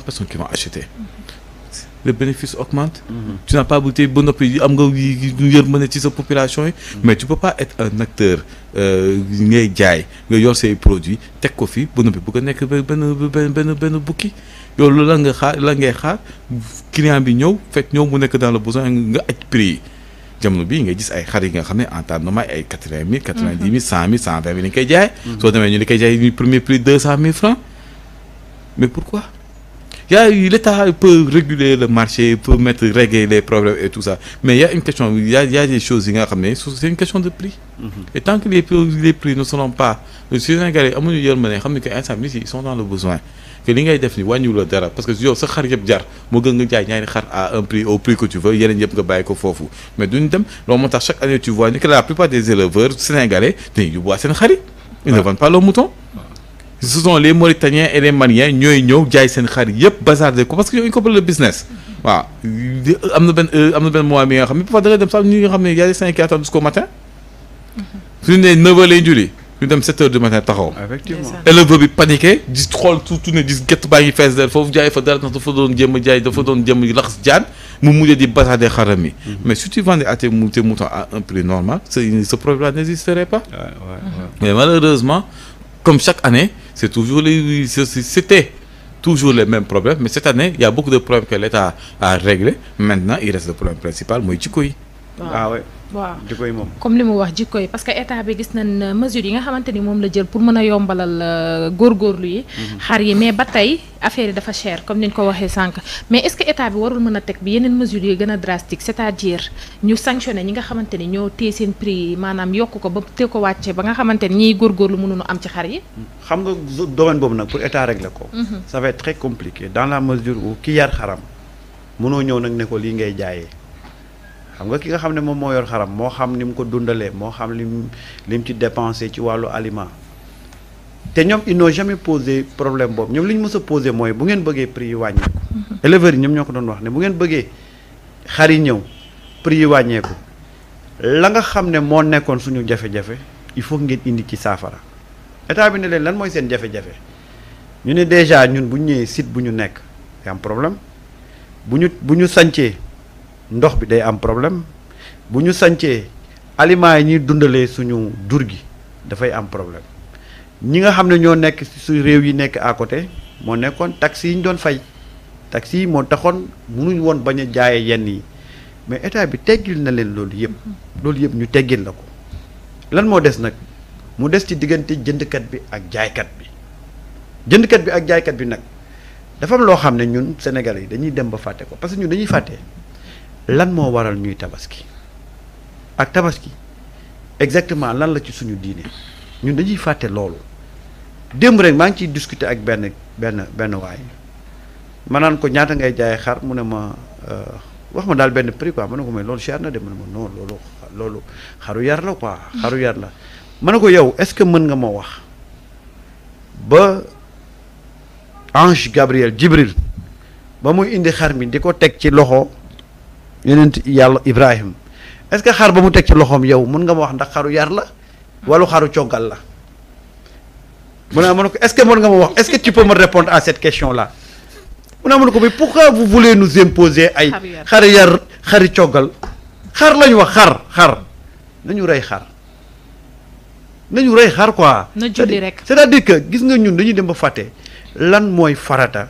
personnes qui vont acheter le bénéfice augmente mm -hmm. tu n'as pas buté am nga yërmande ci sa population yi mais tu peux pas être un acteur ngay jaay nga yor say produits teg ko fi bu noppi bu nekk benn benn benn bukki yow loolu la nga xaar la ngay xaar client bi ñëw fekk ñëw mu nekk dans le besoin nga aj prix yi jamono bii ngay gis ay xar yi nga xam ne en temps normal ay quatre-vingt mille quatre-vingt-dix mille cent mille cent vingt mille lañ jaay soo demee ñu li koy jaay premier prix deux francs mais pourquoi y a l'État peut réguler le marché peut mettre régler les problèmes et tout ça mais y a une question y a des choses yi nga xam c'est une question de prix. Mhm. et tant que les prix les prix ne pas les Sénégalais amuñu yërmande xam ne que instant bii ils sont dans le besoin. que li ngay def ni wàññiwul la dara parce que yow sa xar yëpp jar moo gën nga jaay ñaari xar à un prix au prix que tu veux yeneen yëpp nga bàyyi ko foofu mais duñ dem loolu moo tax ce sont les Mauritaniens et les Maliens ñooy ñëw jaay seen xar yëpp bazarder ko parce que ñooñu ko bëgg am na am na benn euh, mi nga xam ne parfois da dem sax ñi nga xam ne y a des cinq heures jusqu'au matin. Mm-hmm. suñu nee neuf heures lay julli ñu dem sept heures du matin taxaw. effectivement éleveur bi paniqué gis xool tuuti ne gis gett baa del foofu jaay fa dara ndax dafa doon jéem a jaay dafa doon jéem a laxas jaan mu mujjee di bazarder xaram yi. Mm-hmm. mais si tu vendais à tes moutons à un comme chaque année c'est toujours les c'était toujours les mêmes problèmes mais cette année il y a beaucoup de problèmes que l'État a réglés maintenant il reste le problème principal mooy jikko yi waaw ah waaw jikko yi moom comme li mu parce que état bi gis nañ euh, mesures yi nga xamante ni moom la jël pour mën a yombalal euh, góorgóorlu yi mhm. xar yi mais ba tey affaire yi dafa cher comme ni ñu ko waxee sànq mais est-ce que état bi warul mën a teg a drastique cest à nga xamante ni ñoo téye seen prix maanaam yokk ko ba te ko wàcce ba nga xamante ni ñiy góorgóorlu mënuñu am ci xar yi hmm. xam nga domaine boobu nag pour état régler ko mhm. ça va être très compliqué dans la mesure où ki yar xaram mënoo ñëw nag ne ko lii ngay jaayee xam nga ki nga xam ne moom moo yor xaram moo xam ni mu ko dundalee moo xam lim li mu ci dépensé ci wàllu aliment te ñoom ils n'ont jamais posé problème boobu ñoom li ñu mës a posé mooy bu ngeen bëggee prix yi wàññeeku. éleveurs ñoom ñoo ko doon wax ne bu ngeen bëggee xar ñëw prix yi wàññeeku la nga xam ne moo nekkoon suñu jafe-jafe il faut ngeen indi ci saafara état bi ne leen lan mooy seen jafe-jafe ñu ne déjà ñun bu ñu ñëwee site bu ñu nekk day problème bu ñu bu ñu ndox bi day am problème bu ñu sancee aliments yi ñuy dundalee suñu jur gi dafay am problème ñi nga xam ne ñoo nekk su réew yi nekk à côté moo nekkoon taxi yi ñu doon fay taxi yi moo taxoon mënuñ woon bañ a jaayee yenn yi mais état bi teggil na leen loolu yëpp loolu yëpp ñu teggil la ko lan moo des nag mu des ci diggante jëndkat bi ak jaaykat bi jëndkat bi ak jaaykat bi nag dafa loo xam ne ñun senegal yi dañuy dem ba fàtte ko parce que ñun dañuy fàtte. lan moo waral ñuy tabaski ak tabaski exactement lan la ci suñu diine ñun dañuy fàtte loolu démb rek maa ngi ciy discuter ak benn benn benn waay ma naan ko ñaata ngay jaay xar mu ne ma euh, wax ma daal benn prix quoi ma ne ko mooy loolu cher na de ma ne ma non loolu loolu xaru yar la quoi xaru la ma ne ko yow est-ce que mën nga ma wax ba ange Gabriel Jibril ba muy indi xar mi di ko teg ci loxo yonent yàlla Ibrahim est-ce que xar ba mu teg ci loxoom yow mun nga ma wax ndax xaru yar la wala xaru coggal la mu ne ma ne ko est-ce que mun nga ma wax est-ce que tu peux me répondre à cette question là mu ne ma ne ko mais pourquoi vous voulez nous imposer ay xari yar xari coggal xar lañu wax xar xar nañu rey xar nañu rey xar quoi na rek c'est-à-dire que gis nga ñun dañuy dem ba fàtte lan mooy farata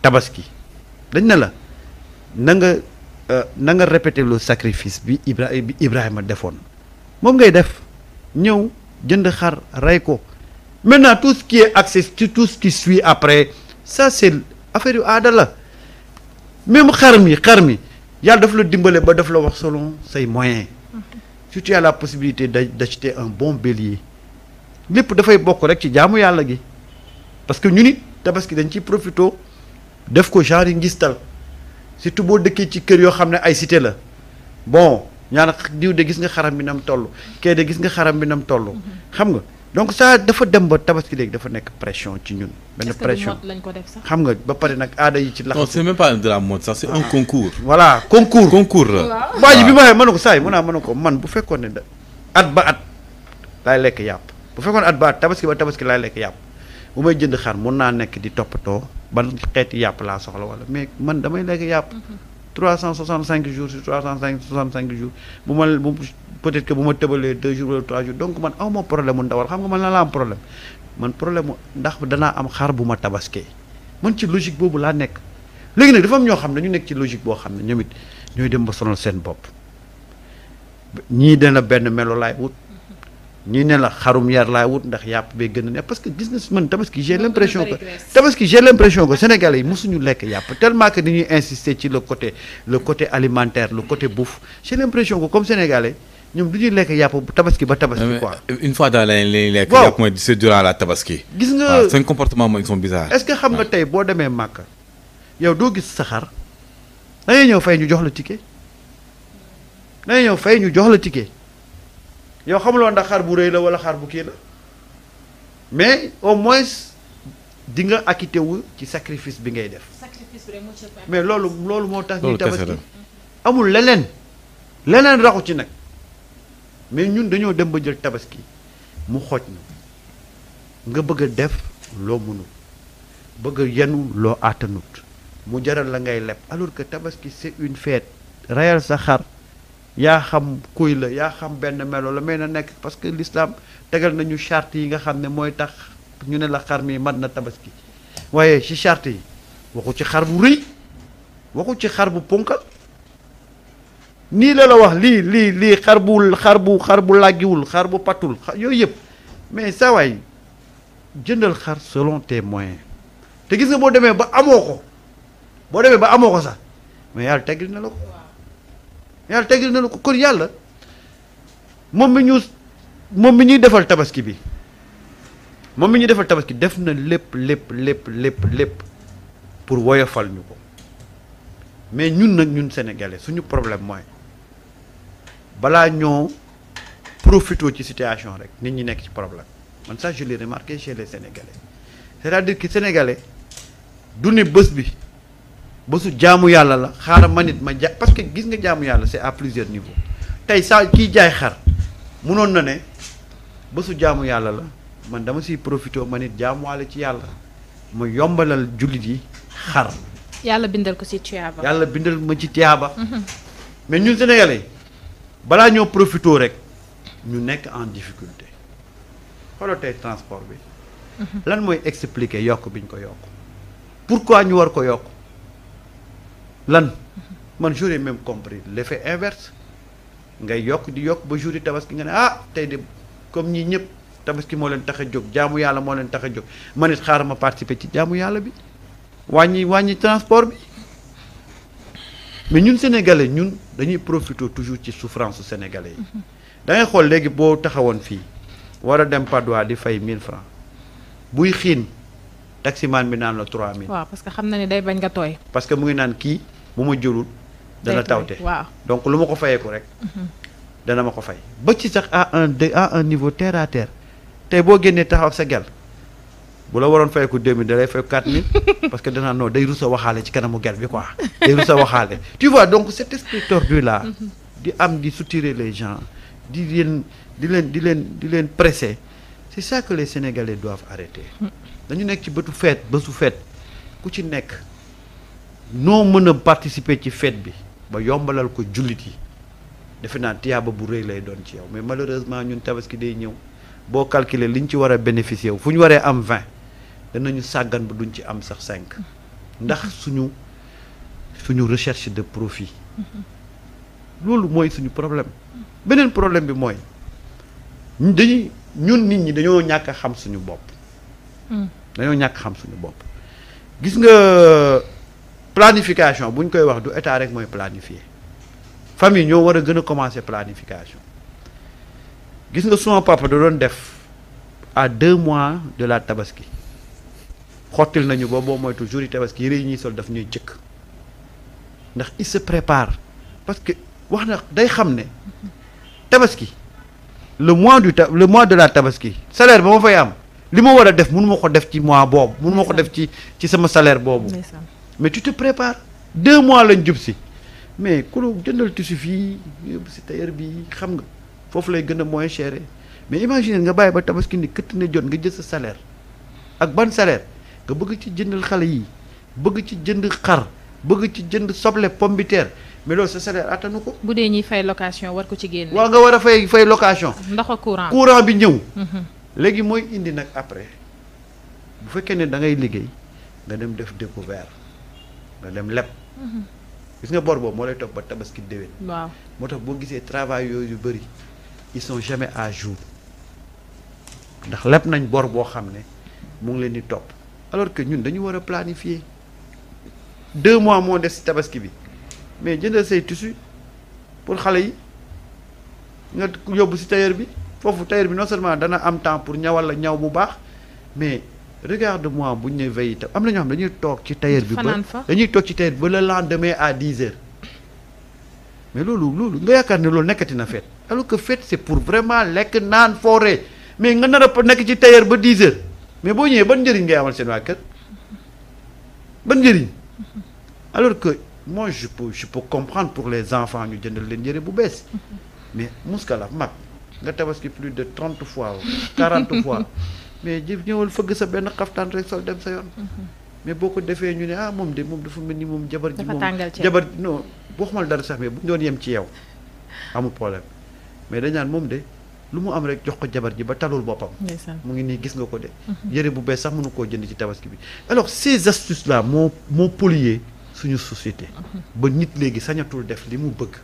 tabaski dañ ne la na Euh, nanga nga répété le sacrifice bi Ibra bi Ibrahima defoon moom ngay def ñëw jënd xar rey ko maintenant tout ce qui est accès tout ce qui suit après sa c' est affaire yu aadala la même xar mi xar mi yàlla daf la dimbale ba daf la wax solo say moyen si tu possibilité day possibilité d'acheter un bon bélier lépp dafay bokk rek ci jaamu yàlla gi parce que ñu nit tabaski dañ ciy profito def ko genre yi ngistal surtout boo dëkkee ci kër yoo xam ne ay cité la bon ñaan diw de gis nga xaram bi nam toll kee de gis nga xaram bi nam toll xam nga donc ça dafa dem ba tabaski léegi dafa nekk pression ci ñun. benn pression lañ ko def xam nga ba pare nag aada yi ci lax. non c'est même pas de la mode sax c'est un ah. concours. voilà concours concours bi ma waxee mën na ko saa yi mën naa mën na ko man bu fekkoon ne at ba at laay lekk yàpp bu fekkoon at ba at tabaski ba tabaski laay lekk yàpp bu may jënd xar mun naa nekk di toppatoo. ban xeeti yàpp laa soxla wala mais man damay lekk yàpp. 365 mhm. jours sur 365 jours bu ma bu peut-être que bu ma tëbalee 2 jours wala 3 jours donc man aw ma problème mu ndawal xam nga man lan la am problème man problème ndax danaa am xar bu ma tabaskee man ci logique boobu laa nekk. léegi nag dafa am ñoo xam ne ñu nekk ci logique boo xam ne ñoom it ñooy dem ba sonal seen bopp ñii dana benn melo laay wut. ñu ne la xarum yar laa wut ndax yàpp bee gën a ne parce que gis na man tabaski j'ai l'impression que tabaski j'ai l'impression que sénégalais yi mosuñu lekk yàpp tellement que dañuy insister ci le côté le côté alimentaire le côté bouffe j'ai l'impression que comme sénégalais ñoom du ñuy lekk yàpp tabaski ba tabaski quoi. Euh, une fois dans l'année lañuy lekk yàpp mooy c'est tabaski. gis nga seen comportement mooy ils sont bizarres. est que xam nga tey boo demee Màkka yow doo gis saxaar da ngay ñëw fay ñu jox la ticket da ngay ñëw ñu jox la ticket. yow xamuloo ndax xar bu rëy la wala xar bu kii la mais au moins di nga acquitté wu ci sacrifice bi ngay def. mais loolu loolu moo tax. ñuy tabaski amul leneen leneen raxu ci nag mais ñun dañoo dem ba jël tabaski mu xooj na nga bëgg def loo mënul bëgg a yenu loo àttanut mu jaral la ngay leb alors que tabaski c'est une fête reyal sa xar. yaa xam kuy la yaa xam benn melo la mais na nekk parce que l'islam tegal nañu charte yi nga xam ne mooy tax ñu ne la xar mi mat na tabaski waaye ci charte yi waxu ci xar bu rëy waxu ci xar bu ponkal nii la la wax lii lii lii xar bu xar bu xar bu làggiwul xar bu patul yooyu yëpp mais saa waay jëndal xar selon tes te gis nga boo demee ba amoo ko boo demee ba amoo ko sax mais yàlla teggil na la ko yàlla teggil nañu ko kon yàlla moom bi ñu moom bi ñuy defal tabaski bi moom mi ñuy defal tabaski def na lépp lépp lépp lépp lépp pour woyofal ñu ko mais ñun nag ñun sénégalais suñu problème mooy balaa ñoo profité ci situation rek nit ñi nekk ci problème man sa je l'ai remarqué chez les sénégalais c'est-à-dire que sénégalais du ne bés bi. bésu jaamu yàlla la xaaral ma nit ma ja parce que gis nga jaamu yàlla c'est à plusieurs niveaux tey saa kiy jaay xar munoon na ne bësu jaamu yàlla la man dama siy profité ma nit jaamuwaale ci yàlla ma yombalal jullit yi xar. yàlla bindal ko ci tiyaaba. yàlla bindal ma ci tiyaaba. Mhm. mais ñu sénégalais balaa ñoo profité rek ñu nekk en difficulté xoolal transport bi. Mhm. lan mooy expliquer yokk bi ñu ko yokk. pourquoi ñu war ko yokk. lan man j'aurais même compris l'effet inverse ngay yokk di yokk ba jour tabaski nga ne ah tey de comme ñi ñëpp tabaski moo leen tax jóg jaamu yàlla moo leen tax a jóg man it xaaral ma participer ci jaamu yàlla bi wàññi wàññi transport bi mais ñun sénégalais ñun dañuy profiter toujours ci souffrance sénégalais yi da ngay xool léegi boo taxawoon fii war a dem Padois di fay mille francs buy xiin taximaan bi naan la trois 3000. waaw parce que xam na ne day bañ nga tooy. parce que mu ngi naan kii bu ma jëlul. dana tawte waaw donc lu ma ko fayeeku rek. Mhm. dana ma ko fay ba ci sax a un de à un niveau terre à terre boo génnee taxaw sa gel bu la waroon fayeeku 2000 da lay fay 4000 parce que danaa non day rusa waxaale ci kanamu gel bi quoi day rusa waxaale tu vois donc cet esprit tordu là. Mhm. di am di soutirer les gens di leen di leen di leen di leen presser c'est ça que les Sénégalais dañu nekk ci bëtu feet bësu feet ku ci nekk noo mën a participer ci feet bi ba yombalal ko jullit yi defe naa tiyaaba bu rëy lay doon ci yow mais malheureusement ñun tabaski day ñëw boo calculer li ñu ci war a bénéficier wu fu ñu waree am 20 danañu sàggan ba duñ ci am sax 5 ndax suñu suñu recherche de profit loolu mooy suñu problème beneen problème bi mooy dañuy ñun nit ñi dañoo ñàkk a xam suñu bopp Hmm. dañoo ñàkk xam suñu bopp gis nga planification bu ñu koy wax du état rek mooy planifier famille ñoo war a gën a commencer planification gis nga suma papa da doon def à deux mois de la tabaski xottil nañu ba boo mooy toujours yi tabaski yére yi ñuy sol daf ñuy jëkk ndax il se prépare parce que wax na day xam ne tabaski le mois du ta le mois de la tabaski salaire ba ma fay am li ma war a def mënu ma ko def ci mois boobu mënu ma ko def ci ci sama salaire boobu mais tu te prépares deux mois lañ jub si mais ku jëndal tissu fii yóbbu si tailleur bi xam nga foofu lay gën a moins cher mais imagine nga bàyyi ba tabaski ni këtt ne jot nga jël sa salaire ak ban salaire nga bëgg ci jëndal xale yi bëgg ci jënd xar bëgg ci jënd soble pomme de terre mais loolu sa salaire attanu ko. bu dee ñuy fay location war ko ci génne. nga war a fay fay location. ndax courant courant bi ñëw. Mm-hmm. léegi mooy indi nag après bu fekkee ne da ngay liggéey nga dem def découvert nga dem leb. Mm-hmm. gis nga bor boobu moo lay topp ba tabaski déwén. waaw moo tax boo gisee travail yooyu yu bëri ils sont jamais à jour ndax leb nañ bor boo xam ne mu ngi leen di topp alors que ñun dañu war a planifier deux mois moo des ci tabaski bi mais jëndal say tissu pour xale yi nga yóbbu ci tailleur bi. foofu tailleur bi non seulement dana am temps pour ñawal la ñaw bu baax mais de moi bu ñu ne veille itam am na ñoo xam dañuy toog ci tailleur bi. ba dañuy toog ci tailleur bi ba le lendemain à 10 heures. mais loolu loolu nga yaakaar ne loolu nekkati na fet alors que fête c'est pour vraiment lekk naan foore mais nga nar a nekk ci tailleur ba 10 heures mais boo ñëwee ban njëriñ ngay amal seen waa kër ban njëriñ alors que moi je peux je peux comprendre pour les enfants ñu jëndal leen yére bu bees mais muskala mag. nga tabaski plus de trente fois quarante fois mais ji ñëwal fëgg sa benn xaftaan rek sol dem sa yoon mhm. mais boo ko defee ñu ne ah moom de moom dafa mel ni moom jabar ji moom jabar non boo xamal dara sax mais bu ñu yem ci yow amul problème mais dañ naan moom de lu mu am rek jox ko jabar ji ba talul boppam mu ngi nii gis nga ko de mhm. yëre bu bees sax mënu koo jënd ci tabaski bi alors ces astuces là moo moo polluer suñu société mhm. ba nit léegi sañatul def li mu bëgg